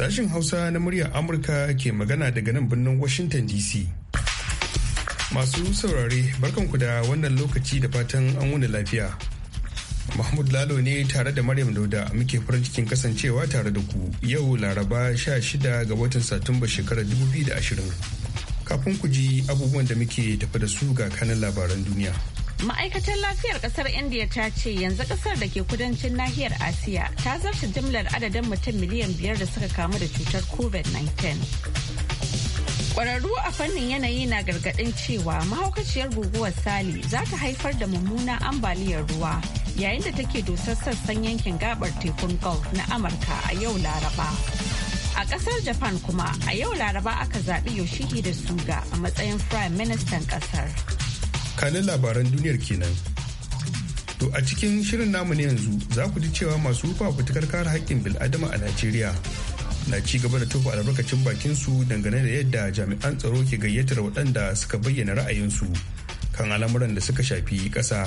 Sashen Hausa na muryar Amurka ke magana daga nan birnin Washington DC. Masu saurare barkanku da wannan lokaci da fatan an wuni lafiya. Mahmud Lalo ne tare da Maryam Dauda muke farin cikin kasancewa tare da ku yau Laraba 16 ga watan Satumba shekarar 2020. Kafin ku ji abubuwan da muke tafi da su ga kanin labaran duniya. Ma'aikatar lafiyar kasar India ta ce yanzu kasar da ke kudancin nahiyar Asiya ta zarta jimlar adadin mutum miliyan biyar da suka kamu da cutar COVID-19. Kwararru a fannin yanayi na gargaɗin cewa mahaukaciyar guguwar Sali za ta haifar da mummunan ambaliyar ruwa yayin da take dusar sassan yankin gabar tekun Gulf na Amurka a yau Laraba. A kasar Japan kuma a yau Laraba aka zaɓi yoshihi da Suga a matsayin Prime Ministan kasar. kanin labaran duniyar kenan. To a cikin shirin namu ne yanzu za ku ji cewa masu rufa fitakar kare haƙƙin bil'adama a Najeriya na ci gaba da tofa albarkacin bakin su dangane da yadda jami'an tsaro ke gayyatar waɗanda suka bayyana ra'ayinsu kan al'amuran da suka shafi ƙasa.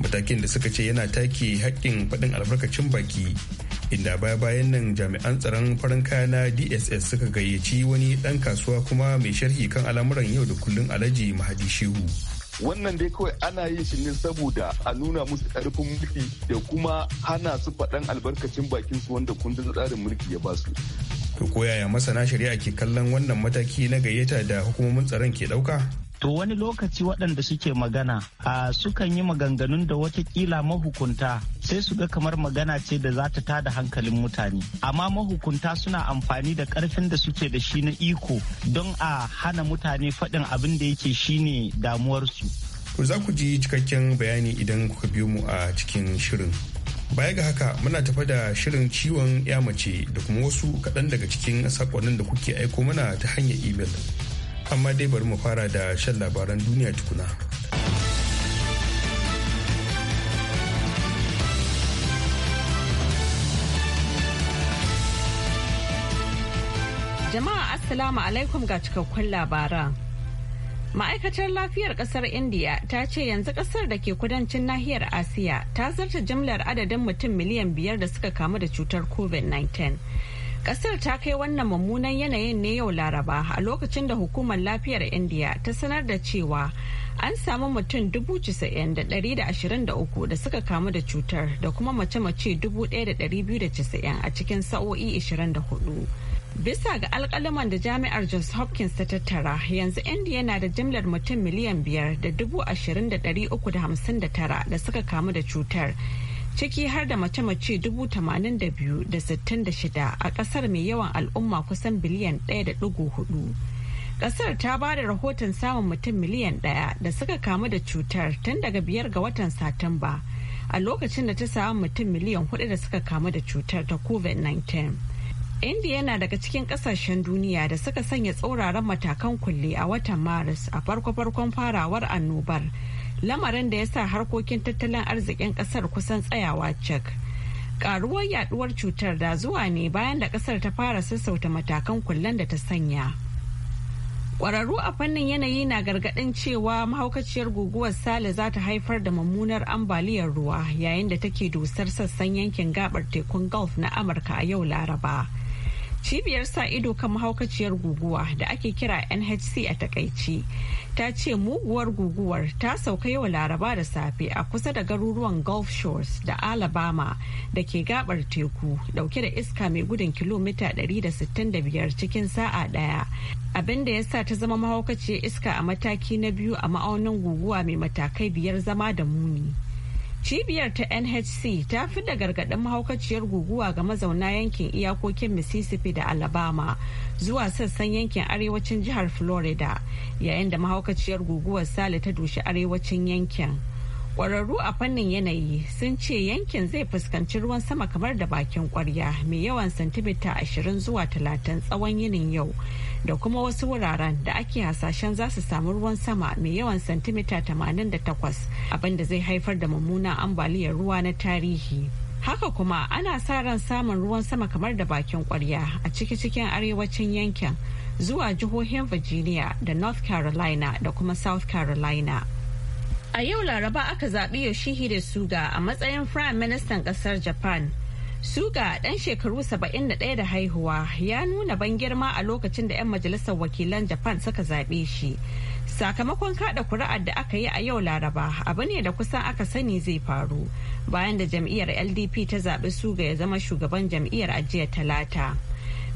Matakin da suka ce yana take haƙƙin faɗin albarkacin baki inda baya bayan nan jami'an tsaron farin kaya na DSS suka gayyaci wani ɗan kasuwa kuma mai sharhi kan al'amuran yau da kullum Alhaji Mahadi Shehu. wannan dai kawai ana yin shi ne saboda a nuna musu karfin mulki da kuma hana su faɗan albarkacin bakin su wanda kundin tsarin mulki ya ba su to koyaya masana shari'a ke kallon wannan mataki na gayyata da hukumomin tsaron ke ɗauka to wani lokaci waɗanda suke magana a sukan yi maganganun da watakila mahukunta sai su ga kamar magana ce da za ta tada hankalin mutane amma mahukunta suna amfani da ƙarfin da suke da shi na iko don a hana mutane faɗin abin da yake shine damuwarsu to za ku ji cikakken bayani idan kuka biyo mu a cikin shirin baya ga haka muna tafa da shirin ciwon ya mace da kuma wasu kaɗan daga cikin sakonnin da kuke aiko mana ta hanyar imel amma dai bari mu fara da shan labaran duniya tukuna. Jama'a Assalamu alaikum ga cikakkun labaran. Ma'aikatar lafiyar kasar India ta ce yanzu kasar da ke kudancin nahiyar Asiya ta zarta jimlar adadin mutum miliyan biyar da suka kamu da cutar COVID-19. Kasar ta kai wannan mummunan yanayin ne yau Laraba a lokacin da hukumar lafiyar India ta sanar da cewa an samu mutum 90,123 da suka kamu da cutar da kuma mace-mace 1,290 a cikin sa'o'i 24. Bisa ga alkalaman da jami'ar Johns Hopkins ta tattara yanzu indiya na da jimlar mutum miliyan biyar da dubu ashirin da dari uku da hamsin da tara da suka kamu da cutar ciki har da mace-mace 82,066 a kasar mai yawan al'umma kusan biliyan 1.4. Kasar ta ba da rahoton samun mutum miliyan ɗaya da suka kamu da cutar tun daga biyar ga watan Satumba a lokacin da ta samu mutum miliyan hudu da suka kamu da cutar ta COVID-19. India yana daga cikin kasashen duniya da suka sanya tsauraran matakan kulle a watan Maris a farko-farkon farawar annobar. lamarin da ya sa harkokin tattalin arzikin kasar kusan tsayawa cak karuwar yaduwar cutar da zuwa ne bayan da kasar ta fara sassauta matakan kullen da ta sanya kwararru a fannin yanayi na gargadin cewa mahaukaciyar guguwar sale za ta haifar da mummunar ambaliyar ruwa yayin da take dusar sassan yankin gabar tekun gulf na amurka a yau laraba cibiyar sa ido kan mahaukaciyar guguwa da ake kira nhc a takaici ta ce muguwar guguwar ta sauka yau laraba da safe a kusa da garuruwan gulf shores da alabama da ke gabar teku dauke da iska mai gudun kilomita 165 cikin sa'a daya abin da ya sa ta zama mahaukaciyar iska a mataki na biyu a ma'aunin guguwa mai matakai biyar zama da muni Cibiyar ta NHC ta fi da gargaɗin mahaukaciyar guguwa ga mazauna yankin iyakokin Mississippi da Alabama zuwa sassan yankin arewacin jihar Florida yayin da mahaukaciyar guguwar Sale ta dushi arewacin yankin. Kwararru a fannin yanayi sun ce yankin zai fuskanci ruwan sama kamar da bakin kwarya mai yawan santimita 20 zuwa 30 tsawon yinin yau da kuma wasu wuraren da ake hasashen za su samu ruwan sama mai yawan santimita 88 abinda zai haifar da mummunan ambaliyar ruwa na tarihi. Haka kuma ana sa ran samun ruwan sama kamar da bakin kwarya a ciki-cikin arewacin yankin zuwa jihohin Virginia da North Carolina da kuma South Carolina. A yau Laraba aka zaɓi Yoshihide Suga a matsayin Prime Ministan ƙasar Japan. Suga ɗan shekaru 71 da haihuwa ya nuna ban girma a lokacin da 'yan majalisar wakilan Japan suka zaɓe shi. Sakamakon kada kuri'ar da aka yi a yau Laraba abu ne da kusan aka sani zai faru bayan da jam'iyyar LDP ta zaɓi Suga ya zama shugaban jam'iyyar ajiyar talata.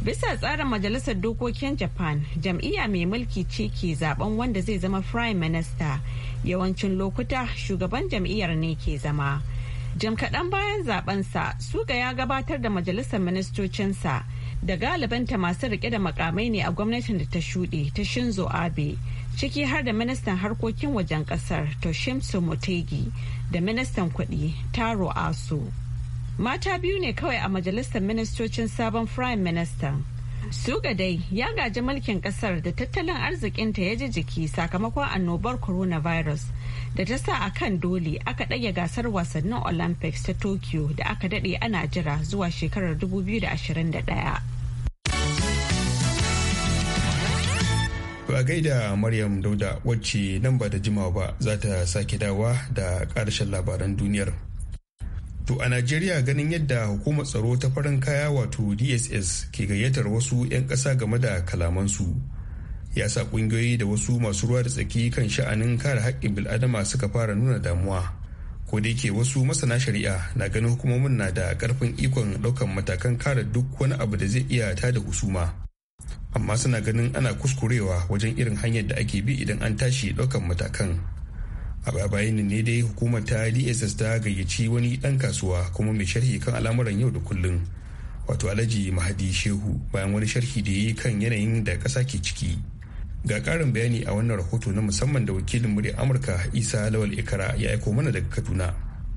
Bisa tsarin Majalisar Dokokin Japan, jam'iyya mai mulki ce ke zaben wanda zai zama Prime Minister yawancin lokuta shugaban jam'iyyar ne ke zama jim kaɗan bayan zabensa suga ya gabatar da majalisar ministocinsa da galibanta masu rike da makamai ne a gwamnatin da ta shuɗe ta shinzo abe ciki har da ministan harkokin wajen ƙasar toshimsu motegi da ministan kuɗi taro aso mata biyu ne kawai a majalisar ministocin sabon prime minister Suga dai ya gaji mulkin kasar da tattalin arzikinta ya ji jiki sakamakon annobar coronavirus da ta sa a kan dole aka ɗage gasar wasannin Olympics ta Tokyo da aka daɗe ana jira zuwa shekarar 2021. Ba gaida Maryam Dauda wacce nan ba da jimawa ba za ta sake dawa da ƙarshen labaran duniyar. To a Najeriya ganin yadda hukumar tsaro ta farin kaya wato DSS ke gayyatar wasu 'yan ƙasa game da kalamansu. Ya sa ƙungiyoyi da wasu masu ruwa da tsaki kan sha'anin kare haƙƙin bil'adama suka fara nuna damuwa. Ko da yake wasu masana shari'a na ganin hukumomin na da ƙarfin ikon ɗaukan matakan kare duk wani abu da zai iya tada husuma. Amma suna ganin ana kuskurewa wajen irin hanyar da ake bi idan an tashi ɗaukan matakan. a bayanin ne dai hukumar ta dss ta gayyaci wani dan kasuwa kuma mai sharhi kan al'amuran yau da kullum wato alhaji mahadi shehu bayan wani sharhi da yi kan yanayin da kasa ke ciki ga karin bayani a wannan rahoto na musamman da wakilin murya amurka isa lawal ikara ya aiko mana daga kaduna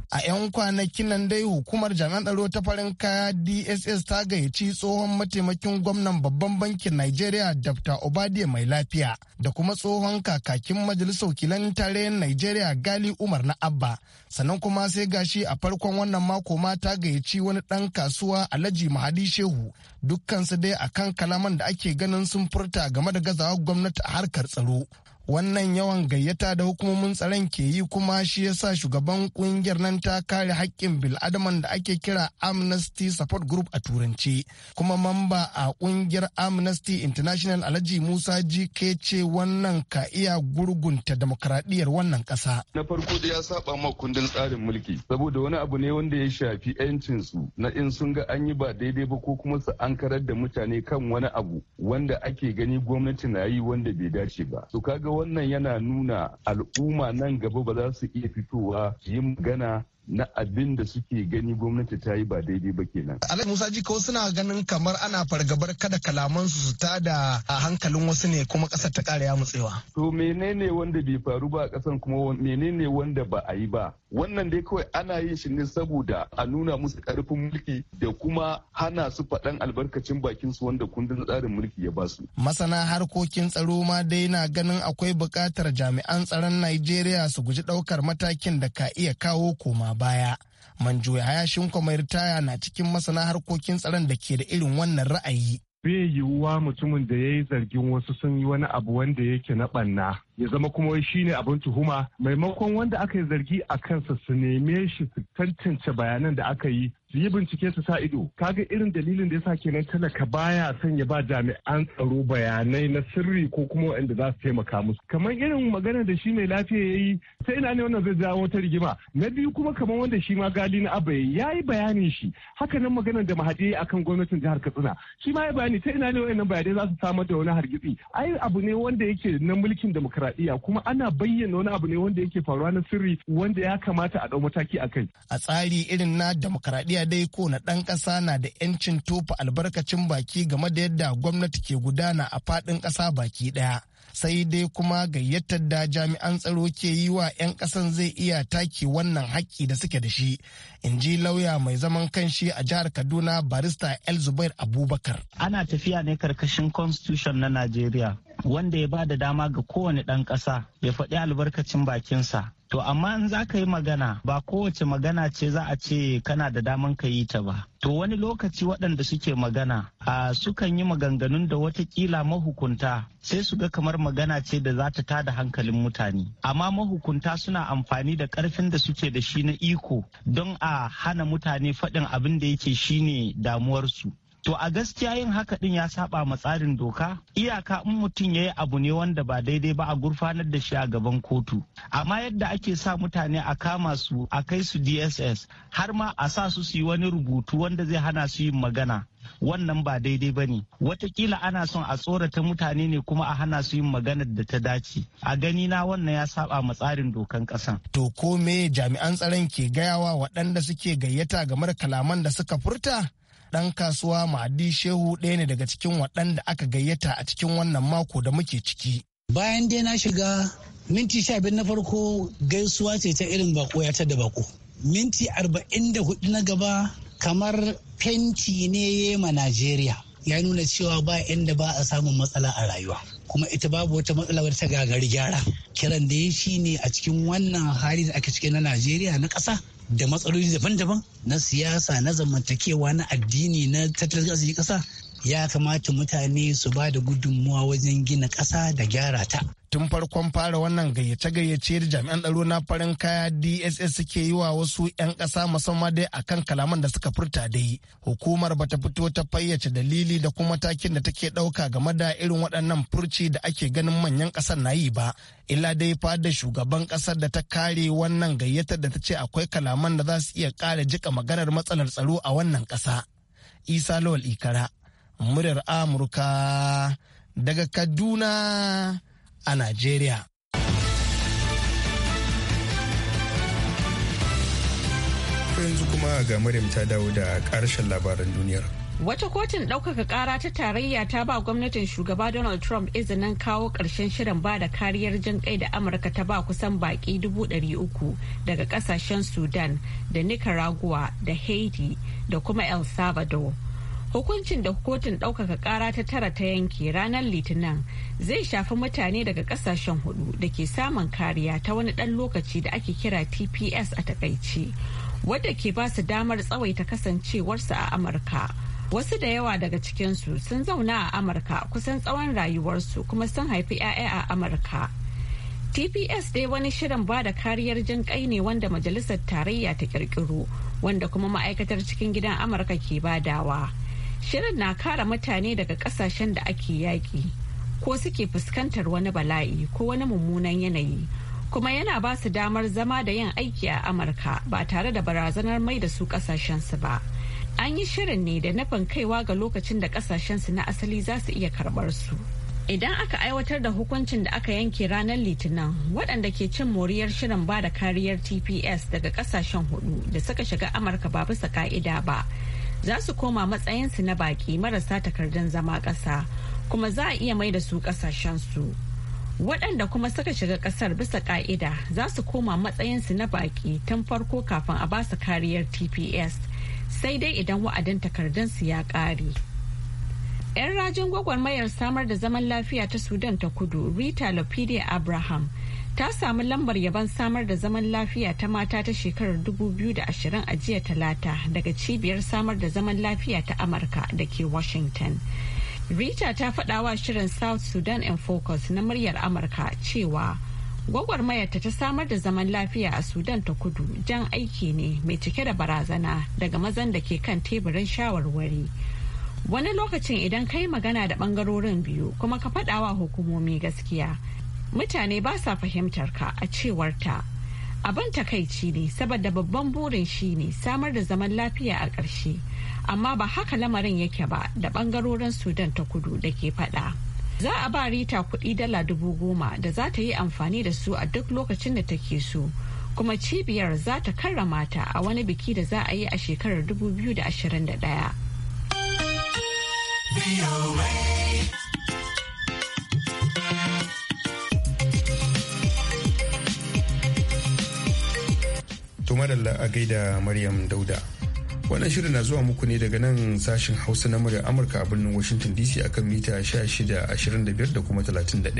A 'yan kwanakin nan dai hukumar jami'an tsaro ta farin kaya DSS ta gayyaci tsohon mataimakin gwamnan babban bankin Najeriya Dr. Obadiya mai lafiya da kuma tsohon kakakin majalisar wakilan tarayyar Najeriya Gali Umar na Abba. Sannan kuma sai gashi a farkon wannan mako ma ta gayyaci wani ɗan kasuwa Alhaji Mahadi Shehu dukkansu dai akan kalaman da ake ganin sun furta game da gazawar gwamnati a harkar tsaro. wannan yawan gayyata da hukumomin tsaron ke yi kuma shi ya sa shugaban kungiyar nan ta kare haƙƙin bil'adaman da ake kira amnesty support group a turanci kuma mamba a kungiyar amnesty international alhaji musa jike ce wannan ka iya gurgunta demokradiyyar wannan ƙasa. na farko da ya saba ma kundin tsarin mulki saboda wani abu ne wanda ya shafi yancin su na in sun ga an yi ba daidai ba ko kuma su ankarar da mutane kan wani abu wanda ake gani gwamnati na yi wanda bai dace ba to kaga wannan yana nuna al'umma nan gaba ba za su iya fitowa yin magana na abin da suke gani gwamnati ta yi ba daidai ba kenan. Alhaji Musa ko suna ganin kamar ana fargabar kada kalaman su su tada a hankalin wasu ne kuma kasar ta ya mutsewa. To menene wanda bai faru ba a kasan kuma menene wanda ba a yi ba? Wannan dai kawai ana yin shi ne saboda a nuna musu karfin mulki da kuma hana su faɗan albarkacin bakin su wanda kundin tsarin mulki ya basu. Masana harkokin tsaro ma dai na ganin akwai buƙatar jami'an tsaron Najeriya su guji ɗaukar matakin da ka iya kawo koma baya manjoya shinkwa mai ritaya na cikin masana harkokin tsaron da ke da irin wannan ra'ayi bai yiwuwa mutumin da ya yi zargin wasu sun yi wani abu wanda yake na ɓanna ya zama kuma shi ne abin tuhuma maimakon wanda aka yi zargi a kansa su neme shi su tantance bayanan da aka yi su yi bincike su sa ido kaga irin dalilin da ya sa kenan talaka baya son ya ba jami'an tsaro bayanai na sirri ko kuma wanda za su taimaka musu kamar irin magana da shi mai lafiya ya yi ta ina ne wannan zai jawo wata rigima na biyu kuma kamar wanda shi ma gali na abai ya yi bayani shi haka nan maganar da mahadi akan gwamnatin jihar katsina shi ma ya bayani ta ina ne wannan bayanai za su samar da wani hargitsi ai abu ne wanda yake na mulkin demokradiyya kuma ana bayyana wani abu ne wanda yake faruwa na sirri wanda ya kamata a dau mataki a kai a tsari irin na demokradiyya dai kowane ɗan ƙasa na da 'yancin tofa albarkacin baki game da yadda gwamnati ke gudana a faɗin ƙasa baki ɗaya. sai dai kuma gayyatar da jami'an tsaro ke yi wa 'yan ƙasan zai iya take wannan haƙƙi da suke da shi in ji lauya mai zaman kanshi a jihar kaduna barista el zubair abubakar ana tafiya ne karkashin constitution na najeriya wanda ya ba da dama ga kowane ɗan ƙasa ya faɗi albarkacin bakinsa To amma in za ka yi magana ba kowace magana ce za a ce kana da daman ka yi ta ba. To wani lokaci waɗanda suke magana a sukan yi maganganun da watakila mahukunta sai su ga kamar magana ce da za ta da hankalin mutane. Amma mahukunta suna amfani da ƙarfin da suke da shi na iko don a hana mutane faɗin abin da yake shine damuwarsu. to a gaskiya yin haka din ya saba ma tsarin doka iyaka in mutum ya yi abu ne wanda ba daidai ba a gurfanar da shi a gaban kotu amma yadda ake sa mutane a kama su a kai su dss har ma a sa su yi wani rubutu wanda zai hana su yin magana wannan ba daidai ba ne watakila ana son a tsorata mutane ne kuma a hana su yin magana da ta dace a gani na wannan ya saba ma tsarin dokan ƙasan. to ko me jami'an tsaron ke gayawa waɗanda suke gayyata game kalaman da suka furta ɗan kasuwa ma'adi Shehu ɗaya ne daga cikin waɗanda aka gayyata a cikin wannan mako da muke ciki. Bayan dai na shiga minti sha na farko gaisuwa ce ta irin bako ya ta da bako. Minti arba'in da hudu na gaba kamar fenti ne ma Najeriya. Ya nuna cewa ba inda ba a samun matsala a rayuwa. Kuma ita babu wata matsala wata ta gagari gyara. Kiran da ya shi ne a cikin wannan hali da ake cike na Najeriya na ƙasa da matsaloli daban-daban na siyasa na zamantakewa na addini na tattalin arziki ƙasa ya kamata mutane su ba da gudunmuwa wajen gina ƙasa da gyara ta tun farkon fara wannan gayyace-gayyace da jami'an tsaro na farin kaya dss suke yi wa wasu 'yan ƙasa musamman dai a kan kalaman da suka furta dai hukumar bata fito ta fayyace dalili da kuma takin da take ɗauka game da irin waɗannan furci da ake ganin manyan ƙasar na yi ba illa dai da shugaban ƙasar da ta kare wannan gayyatar da ta ce akwai kalaman da za su iya ƙara jika maganar matsalar tsaro a wannan ƙasa isa lawal ikara muryar amurka daga kaduna a Najeriya. yanzu kuma ga Maryam ta dawo da ƙarshen labaran duniyar. Wata kotun ɗaukaka ƙara ta tarayya ta ba gwamnatin shugaba Donald Trump izinin kawo ƙarshen shirin ba da kariyar jin kai da Amurka ta ba kusan baƙi dubu ɗari uku daga ƙasashen Sudan da Nicaragua da Haiti da kuma El Salvador. hukuncin da kotun ɗaukaka ƙara ta tara ta yanke ranar litinin zai shafi mutane daga ƙasashen hudu da ke samun kariya ta wani ɗan lokaci da ake kira tps a takaici wadda ke ba su damar tsawaita kasancewarsu a amurka wasu da yawa daga cikinsu sun zauna a amurka kusan tsawon rayuwarsu kuma sun haifi 'ya'ya a amurka tps dai wani shirin ba da kariyar jin kai ne wanda majalisar tarayya ta kirkiro wanda kuma ma'aikatar cikin gidan amurka ke badawa. Shirin na kara mutane daga kasashen da ake yaƙi ko suke fuskantar wani bala'i ko wani mummunan yanayi kuma yana ba su damar zama da yin aiki a Amurka ba tare da barazanar mai da su kasashensu ba. An yi shirin ne da nufin kaiwa ga lokacin da kasashensu na asali za su iya karɓar su. idan aka aiwatar da hukuncin da aka yanke ranar litinin waɗanda ke cin moriyar shirin ba da kariyar tps daga kasashen hudu da suka shiga amurka ba bisa ka'ida ba za su koma matsayinsu na baƙi marasa takardun zama ƙasa kuma za a iya mai da su ƙasashensu. Waɗanda kuma suka shiga ƙasar bisa ƙa'ida za su koma matsayinsu na baƙi tun farko kafin a ba su kariyar TPS sai dai idan wa'adin takardunsu ya ƙare. 'Yan rajin gwagwarmayar samar da zaman lafiya ta Sudan ta kudu Rita Lopide Abraham ta samu lambar yaban samar da zaman lafiya ta mata ta shekarar 2020 a jiya talata daga cibiyar samar da zaman lafiya ta amurka da ke washington rita ta faɗawa shirin south sudan and focus na muryar amurka cewa gwagwarmayarta ta samar da zaman lafiya a sudan ta kudu jan aiki ne mai cike da barazana daga mazan da ke kan teburin shawarwari wani lokacin idan kai magana da bangarorin biyu kuma ka faɗawa hukumomi gaskiya mutane ba sa fahimtar ka a cewarta abin takaici ne saboda babban burin shi ne samar da zaman lafiya a ƙarshe amma ba haka lamarin yake ba da ɓangarorin sudan ta kudu da ke faɗa za a ba rita kuɗi dala dubu goma da za ta yi amfani da su a duk lokacin da take so kuma cibiyar za ta karrama ta a wani biki da za a yi a shekarar 2021 Allah a gaida Maryam Dauda. Wannan shirin na zuwa muku ne daga nan sashen Hausa na murya Amurka a birnin Washington DC akan mita 1625 da kuma 31.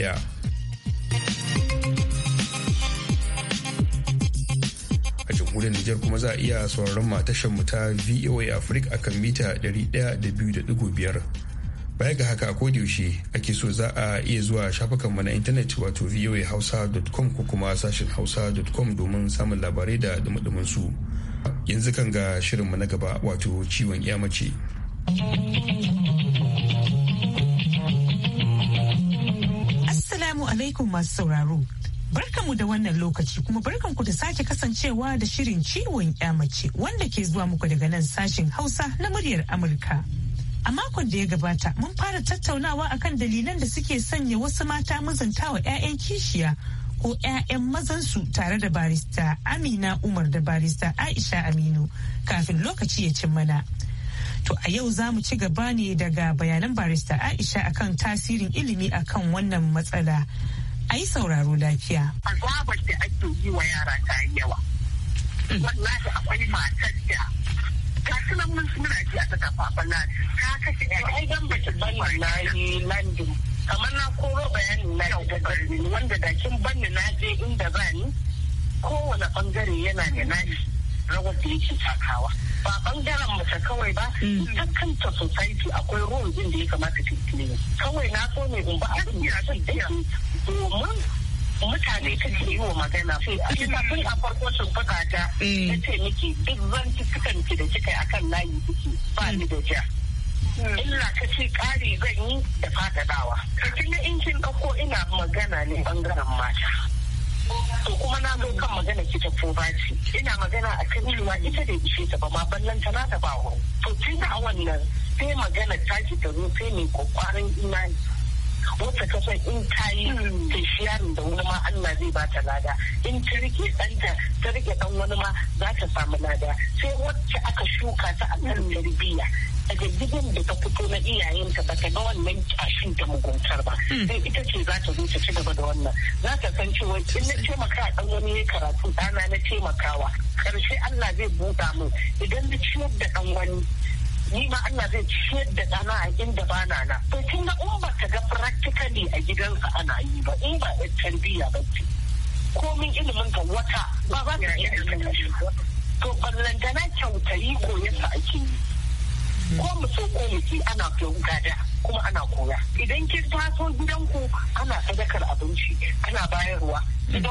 jamhuriyar Nijar kuma za a iya sauraron mu ta VOA Africa akan mita 102.5 baya ga haka a yaushe ake so za a iya zuwa shafukanmu na intanet wato voahausa.com ko kuma sashen hausa.com domin samun labarai da dumudumin su yanzu kan ga shirinmu na gaba wato ciwon mace. assalamu alaikum masu sauraro Barkanmu da wannan lokaci kuma barkanku da sake kasancewa da shirin ciwon mace wanda ke zuwa muku daga nan sashen Hausa na muryar Amurka. A makon da ya gabata mun fara tattaunawa akan dalilan da suke sanya wasu mata mazantawa 'ya'yan kishiya ko 'ya'yan mazansu tare da barista Amina Umar da barista Aisha Aminu kafin lokaci ya cin mana. To a yau za mu ci gaba ne daga bayanan barista Aisha akan tasirin ilimi akan wannan matsala. A yi sauraro lafiya. yawa. Mm. Wallahi akwai matar da kasu nan mun muna ji a ta kafafen na ka kashe ai dan bace bani na yi landin kamar na koro bayanin na da birnin wanda da kin banni na je inda ba ni kowane bangare yana da nashi rawar da yake takawa ba bangaren mace kawai ba mm. ta kanta society akwai ruwan din da ya kamata ta yi kawai na so ne in ba abin da biya. domin mutane kake yi wa magana sai a kisa mm. tun a farko sun bukata ya ce miki duk zan ci ki da kika akan layi kike ba ni da ja mm. illa ka ce kari zan yi da fadadawa kakin na injin ɗauko ina magana ne bangaren mata to kuma na zo kan magana ki ta ko baci ina magana a kan ilwa ita da ishe ta ba ma ballan ta na ta ba to tun da wannan sai magana ta ki ta zo sai mai kokarin imani wacce ka san in ta yi da wani ma Allah zai ba ta lada in ta rike ɗanta ta rike ɗan wani ma za ta samu lada sai wacce aka shuka ta a kan mm. tarbiyya a gidan da ta fito na iyayenta ba ta ga wannan kyashin da muguntar ba mm. sai ita ce za ta zo ta ci gaba da wannan za ta san cewa in na taimaka a ɗan wani ya karatu ɗana na taimakawa ƙarshe Allah zai buɗa min idan na ciyar da ɗan wani ni ma Allah zai ciyar da ɗana a inda ba na na to kin ga in ba ta ga practically a gidansa ana yi ba in ba ɗan tarbiyya ba ce komin ilimin ka wata ba ba ka iya aikata shi to ballantana kyautayi koyarsa ake yi ko mu so ko mu ana koyon gada kuma ana koya idan kin taso ku ana sadakar abinci ana bayarwa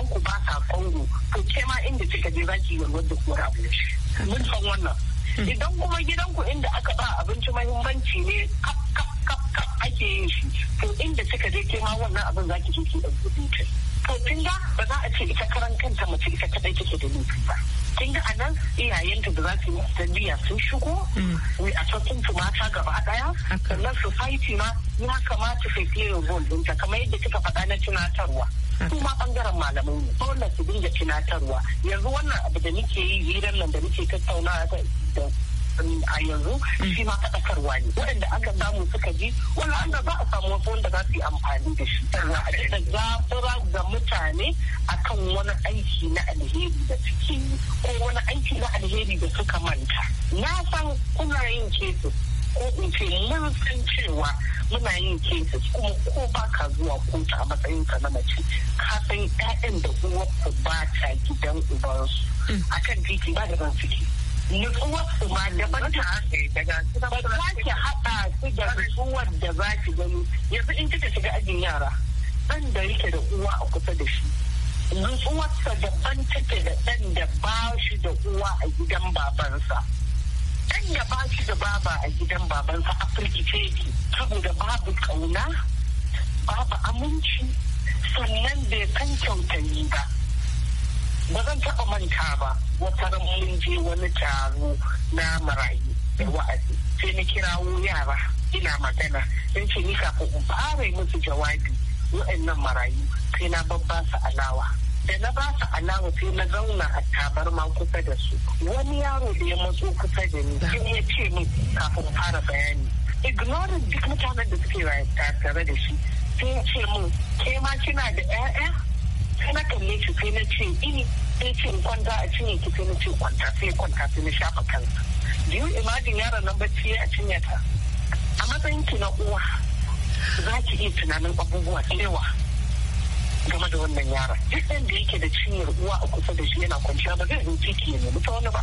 ku ba sa kongo to ke ma inda kika je za ki yi wanda kora abinci mun san wannan idan kuma gidanku inda aka ba abinci mahimmanci ne kap kap kap kap ake yin shi to inda kika je ke ma wannan abin zaki je ki dauki dutse to kin ga ba za a ce ita karan kanta mace ita kadai take da nufi ba kin ga anan iyayenta da za su yi tarbiyya sun shigo mm. we a cikin to mata gaba daya sannan society ma ya kamata su play a role ta kamar yadda kika faɗa na tunatarwa su ma bangaren malaman mu dole su dinga tunatarwa yanzu wannan abu da muke yi hirar nan da muke tattaunawa da a yanzu shi ma faɗakarwa ne waɗanda aka samu suka ji wala da za a samu wasu wanda za su yi amfani da shi cikin zafura ga mutane akan wani aiki na alheri da suke ko wani aiki na alheri da suka manta na san kuna yin kesu ko in ce mun san cewa muna yin cases kuma ko ba ka zuwa kotu a matsayin ka na mace ka san ƴaƴan da uwar ku ba ta gidan ubansu kan titi ba da ban suke nutsuwar su ma daban ta ba za ki haɗa su da nutsuwar da za ki gani yanzu in kika shiga ajin yara ɗan da yake da uwa a kusa da shi nutsuwarsa daban take da ɗan da ba shi da uwa a gidan babansa. dan ya ba shi da baba a gidan babansa a firgice shi saboda babu kauna babu aminci sannan bai san kyautani ba ba zan taɓa manta ba wata ran mun je wani taro na marayu da wa'azi sai na kirawo yara ina magana in ce ni kafin in fara musu jawabi wa'annan marayu sai na babba su alawa da na ba su alawa sai na zauna a tabarma kusa da su wani yaro da ya matso kusa da ni sai ya ce min kafin fara bayani ignoring duk mutanen da suke tare da shi sai ya ce min ke ma kina da 'ya'ya sai na kalle shi sai na ce ini sai ce in kwanta a cinye ki sai na ce kwanta sai kwanta sai na shafa kansa do you imagine yaron nan bacci a cinye ta a matsayin ki na uwa za ki iya tunanin abubuwa da yawa game da wannan yaron duk ɗan da yake da cinyar uwa a kusa da shi yana kwanciya ba zai zo ciki ya nemi ta wani ba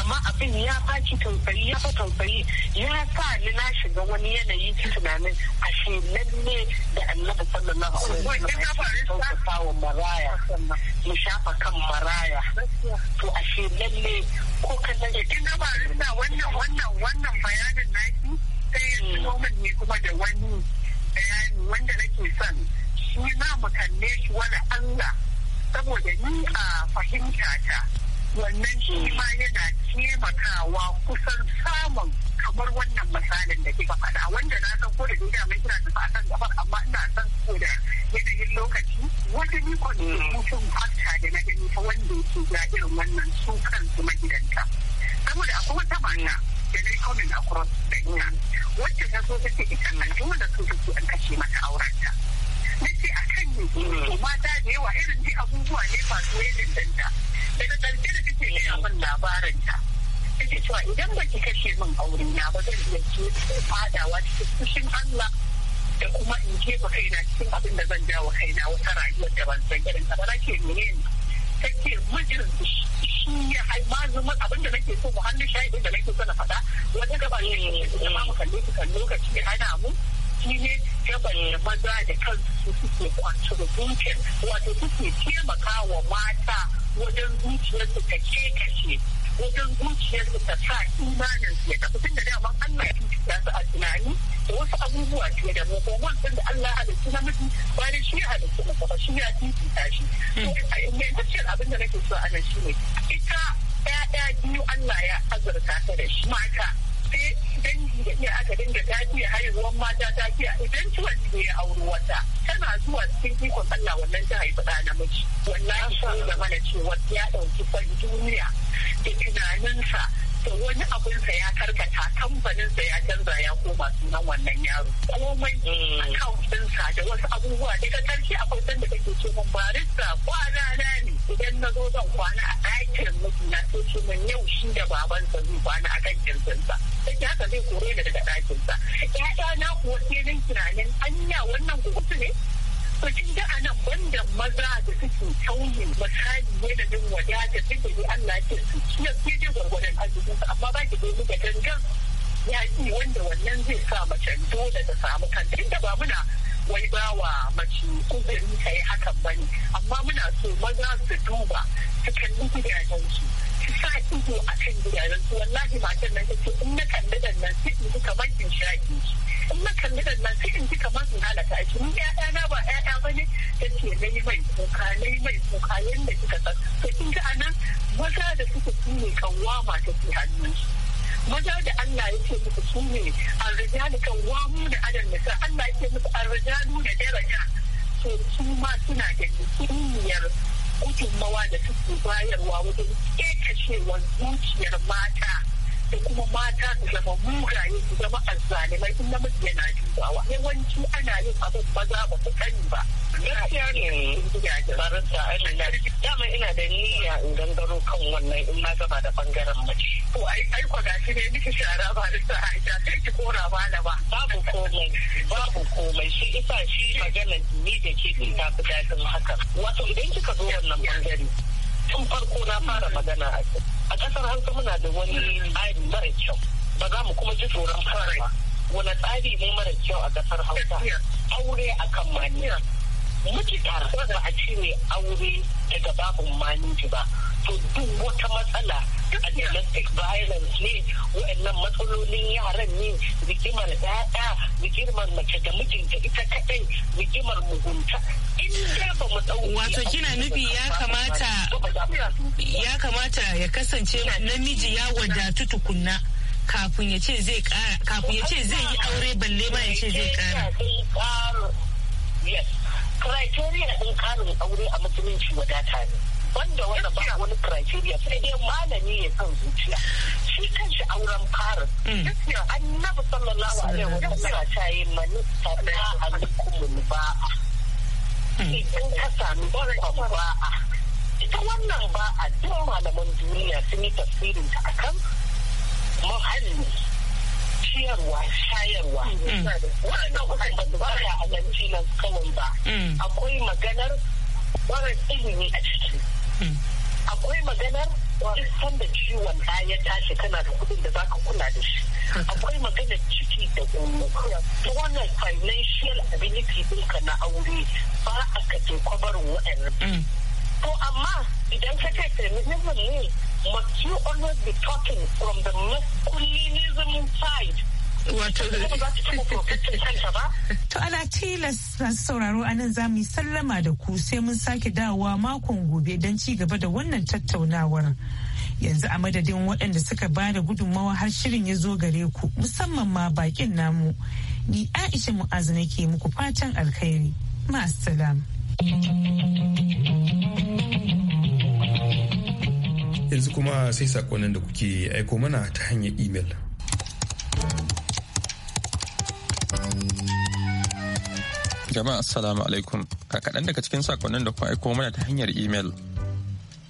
amma abin ya baki tausayi ya fa tausayi ya sa ni na shiga wani yanayi ta tunanin shi lalle da annabi sallallahu alaihi sallam ya wa maraya mu shafa kan maraya to a shi lalle ko kallon ya eh, kin gaba wannan wannan wannan bayanin naki sai ya hmm. ne kuma da wani bayani wanda nake son shi za mu kalle shi wani Allah saboda ni a fahimta ta wannan shi ma yana taimakawa kusan samun kamar wannan misalin da kika faɗa wanda na san ko da ni da mai kira ta kan amma ina san ko da yanayin lokaci wata ni contribution mm. factor da na gani ta wanda yake ga irin wannan su kansu magidanta saboda akwai wata mata da dai coming across da ina wacce ta zo ta ita nan dole su ta su an kashe mata aurenta na ce a kan ne mata da yawa irin ji abubuwa ne ba su yi dindanta daga da take gaya min labarinta ta ce cewa idan ba ki kashe min aure na ba zan iya ke fadawa cikin fushin Allah da kuma in jefa kaina cikin abin da zan jawo kaina wata rayuwar da ban san irin ta ba na ce mene ne ta ce mijin shi ya haimazumin abin da nake so mu hannu shahidin da nake so na faɗa wata gaban da eh, mu kalle su kan lokaci hana mu shi ne gaban maza da kansu su suke contribution wato suke taimaka wa mata wajen zuciyarsu ta kashe wajen zuciyar su ta sa imanin su ya tafi tun da daman Allah ya tuta su a tunani da wasu abubuwa su da mu ko wancan da Allah halittu namiji ba da shi halittu na ba shi ya tuta shi. Yantacciyar hmm. abin da nake so a nan shi ne ita ‘ya'ya biyu Allah ya azurta ta da shi mata. Sai dangi da iya aka dinga tafiya haihuwar mata tafiya idan ciwon ne ya auri wata. tana zuwa cikin ikon Allah wannan ta haifi ɗa namiji. Wannan sun zama da cewa ya ɗauki ban duniya da tunaninsa da wani abunsa ya karkata kamfaninsa ya canza ya koma sunan wannan yaro komai mm. akawuntinsa da wasu abubuwa daga karshe akwai da kake ce mun barista kwana na ne idan na zo zan kwana a ɗakin mutum na so ce yau shi da babansa zai kwana a kan kirjinsa sai haka zai kore daga ɗakinsa ƴaƴa na kuwa sai nan tunanin anya wannan gugutu ne to kin a nan banda maza da suke tauye misali yanayin wadata duk da Allah ke su shi ne sai dai gwargwadon arzikin amma ba ki dai da gangan yaƙi wanda wannan zai sa mace dole ta samu kanta inda ba muna wai mace kuzari ta yi hakan ba ne amma muna so maza su duba su kalli gidajen su su sa ido a kan gidajen su wallahi matan nan take in na kalli dan nan sai in ji kamar in sha shi in na kalli dan nan sai in ji kamar in halaka shi ni ƴaƴa na ba ya ba ne take nayi mai kuka nayi mai kuka yanda kika san to kin ga anan maza da suka tune kawama take hannun su maza da Allah ya ce muku su ne arjalu kan wamu da adam da sa Allah ya ce muku arjalu da daraja to su ma suna da kimiyyar gudunmawa da suke bayarwa wajen kekacewar zuciyar mata da kuma mata su zama mugaye su zama azzalimai in namiji yana dubawa yawanci ana yin abin maza ba ku sani ba gaskiya ne barista amina dama ina da niyya in gangaro kan wannan in ma gaba da bangaren mace to ai ai ko gashi ne miki shara barista aisha sai ki kora ba babu komai babu komai shi isa shi magana ni da ke ta fi dadin haka wato idan kika zo wannan bangare tun farko na fara magana a a kasar hausa muna da wani tsari mara kyau ba za mu kuma ji tsoron fara ba wani tsari ne mara kyau a kasar hausa aure a kan maniya mutukar ba a ce mai aure daga babu maniji ba to duk wata matsala a domestic violence ne wa'annan matsalolin yaran ne rigimar ɗaya rigimar mace da mijinta ita kaɗai rigimar mugunta wato kina nufi ya kamata ya kamata ya kasance namiji ya wadatu tukunna kafin ya ce zai kara kafin ya ce zai yi aure balle ma ya ce zai kara criteria din karin aure a musulunci wadata ne Wanda wanda ba wani criteria sai dai malami ya san zuciya shi kanshi auren farin mm. annabi sallallahu alaihi wa sallam ta yi a da alkumun ba'a idan ka sami ba a ita wannan ba'a duk malaman duniya sun yi tafsirin ta akan muhalli ciyarwa shayarwa mm. wannan uku ba a nan kawai ba mm. akwai maganar barin ilimi a ciki akwai maganar duk sanda ciwon ya tashi kana da kudin da zaka kula da shi akwai maganar ciki da gomo wannan financial ability ɗinka na aure ba a kake kwabarin wa'an mm. to amma idan ka ce feminism ne must you always be talking from the masculinism side wato to ana tilas masu sauraro a nan za mu yi sallama da ku sai mun sake dawowa makon gobe don ci gaba da wannan tattaunawar yanzu a madadin waɗanda suka ba da gudunmawa har shirin ya zo gare ku musamman ma bakin namu ni aisha mu'azu nake muku fatan alkhairi ma'asalam yanzu kuma sai sakonnin da kuke aiko mana ta hanyar imel. Jama'a assalamu alaikum. Ka kaɗan daga cikin sakonnin da ku aiko mana ta hanyar imel.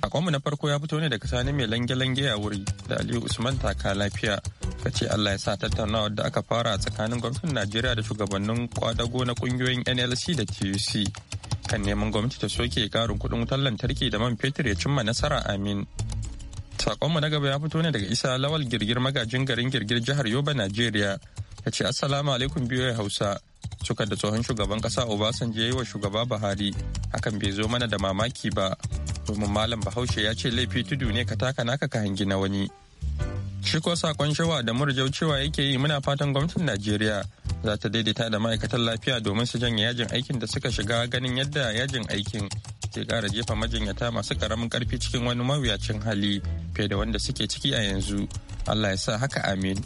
Sakonmu na farko ya fito ne daga sani mai lange-lange a wuri da Aliyu Usman taka lafiya. Ka ce Allah ya sa tattaunawar da aka fara tsakanin gwamnatin Najeriya da shugabannin kwadago na kungiyoyin NLC da TUC. Kan neman gwamnati ta soke karin kuɗin wutar lantarki da man fetur ya cimma nasara amin. Sakonmu na gaba ya fito ne daga Isa Lawal Girgir magajin garin Girgir jihar Yoba Najeriya. Ya ce Assalamu alaikum biyu Hausa. suka da tsohon shugaban kasa obasanjo yi wa shugaba buhari hakan bai zo mana da mamaki ba domin malam bahaushe ya ce laifi tudu ne ka taka naka ka hangi na wani shi ko sakon shawa da murjau cewa yake yi muna fatan gwamnatin najeriya za ta daidaita da ma'aikatan lafiya domin su janye yajin aikin da suka shiga ganin yadda yajin aikin ke kara jefa majinyata masu karamin karfi cikin wani mawuyacin hali fiye da wanda suke ciki a yanzu allah ya sa haka amin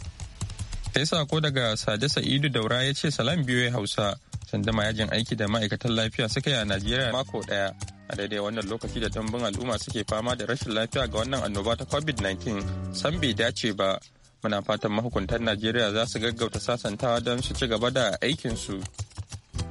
sai sako daga sade sa'idu daura ya ce salam ya hausa sandama yajin aiki da ma'aikatan lafiya suka yi a najeriya mako daya a daidai wannan lokaci da tambun al'umma suke fama da rashin lafiya ga wannan annoba ta covid-19 san bai dace ba muna fatan mahukuntar najeriya za su gaggauta sasantawa don su ci gaba da aikinsu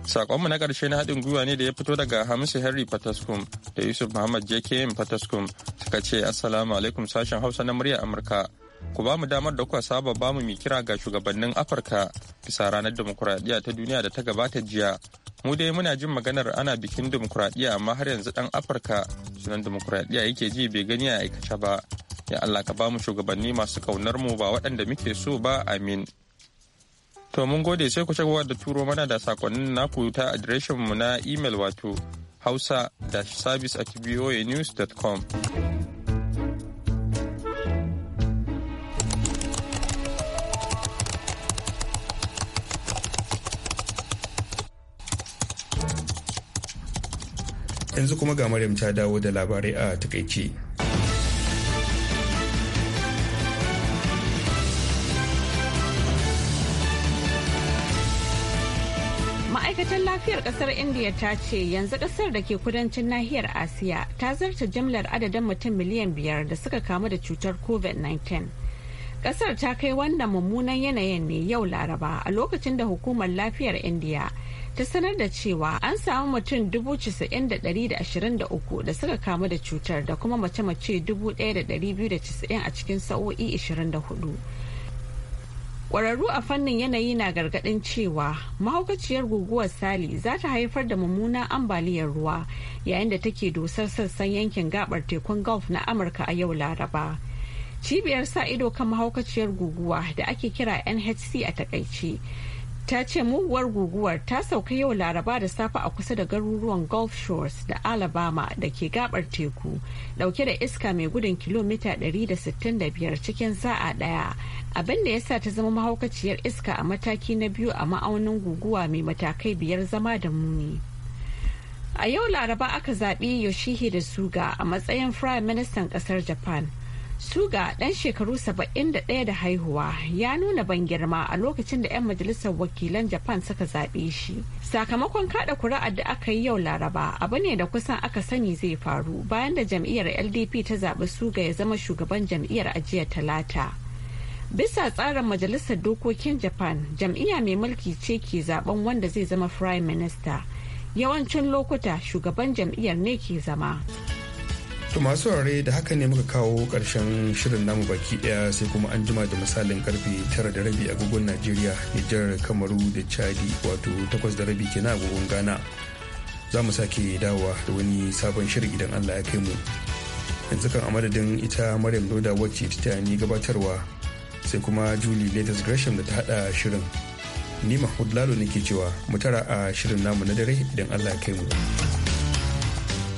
Sakonmu na ƙarshe na haɗin gwiwa ne da ya fito daga Hamisu Henry Fataskum da Yusuf Muhammad JKM Fataskum suka ce Assalamu alaikum sashen Hausa na murya Amurka. ku ba mu damar da kuka saba ba mu kira ga shugabannin afirka bisa ranar demokuraɗiyya ta duniya da ta gabata jiya mu dai muna jin maganar ana bikin demokuraɗiyya amma har yanzu dan afirka sunan demokuraɗiyya yake ji bai gani a aikace ba ya allah ka ba mu shugabanni masu kaunar mu ba waɗanda muke so ba amin to mun gode sai ku cigaba da turo mana da sakonnin naku ta adireshin mu na imel wato hausa sabis at yanzu kuma ga Maryam ta dawo da labarai a takaice. ma'aikatar lafiyar kasar india ta ce yanzu kasar da ke kudancin nahiyar asiya ta zarta jimlar adadin mutum miliyan biyar da suka kamu da cutar covid-19 kasar ta kai wannan mummunan yanayin ne yau laraba a lokacin da hukumar lafiyar india ta sanar da cewa an samu mutum dubu 90,123 da da uku suka kamu da cutar da kuma mace-mace dubu da da biyu 1,290 a cikin sa'o'i 24. Ƙwararru a fannin yanayi na gargaɗin cewa mahaukaciyar guguwar Sali za ta haifar da mummunan ambaliyar ruwa yayin da take dosar sassan yankin gabar tekun Gulf na Amurka a yau Laraba. Cibiyar sa ido kan mahaukaciyar guguwa da ake kira NHC a takaice. ta ce muguwar guguwar ta sauka yau laraba da safe a kusa da garuruwan gulf shores da alabama da ke gabar teku dauke da iska mai gudun kilomita 165 cikin sa'a daya abin da ya sa ta zama mahaukaciyar iska a mataki na biyu a ma'aunin guguwa mai matakai biyar zama da muni a yau laraba aka zaɓi yoshihi yoshihide suga a matsayin firayim ministan ƙasar japan Suga ɗan shekaru 71 da haihuwa ya nuna ban girma a lokacin da 'yan majalisar wakilan Japan suka zaɓe shi. Sakamakon kada kuri'ar da aka yi yau Laraba abu ne da kusan aka sani zai faru bayan da jam'iyyar LDP ta zaɓi Suga ya zama shugaban jam'iyyar ajiya Talata. Bisa tsarin majalisar dokokin Japan, jam'iyya mai mulki ce ke zaben wanda zai zama Prime Minister. Yawancin lokuta shugaban jam'iyyar ne ke zama. To masu rare da haka ne muka kawo ƙarshen shirin namu baki ɗaya sai kuma an jima da misalin karfe tara da rabi agogon Najeriya, Nijar, Kamaru da Chadi wato takwas da rabi kenan agogon Ghana. Za mu sake dawowa da wani sabon shirin idan Allah ya kai mu. Yanzu kan a madadin ita Maryam Doda wacce ta ni gabatarwa sai kuma Julie Latest Gresham da ta haɗa shirin. Ni Mahmud Lalo nake cewa mu tara a shirin namu na dare idan Allah ya kai mu.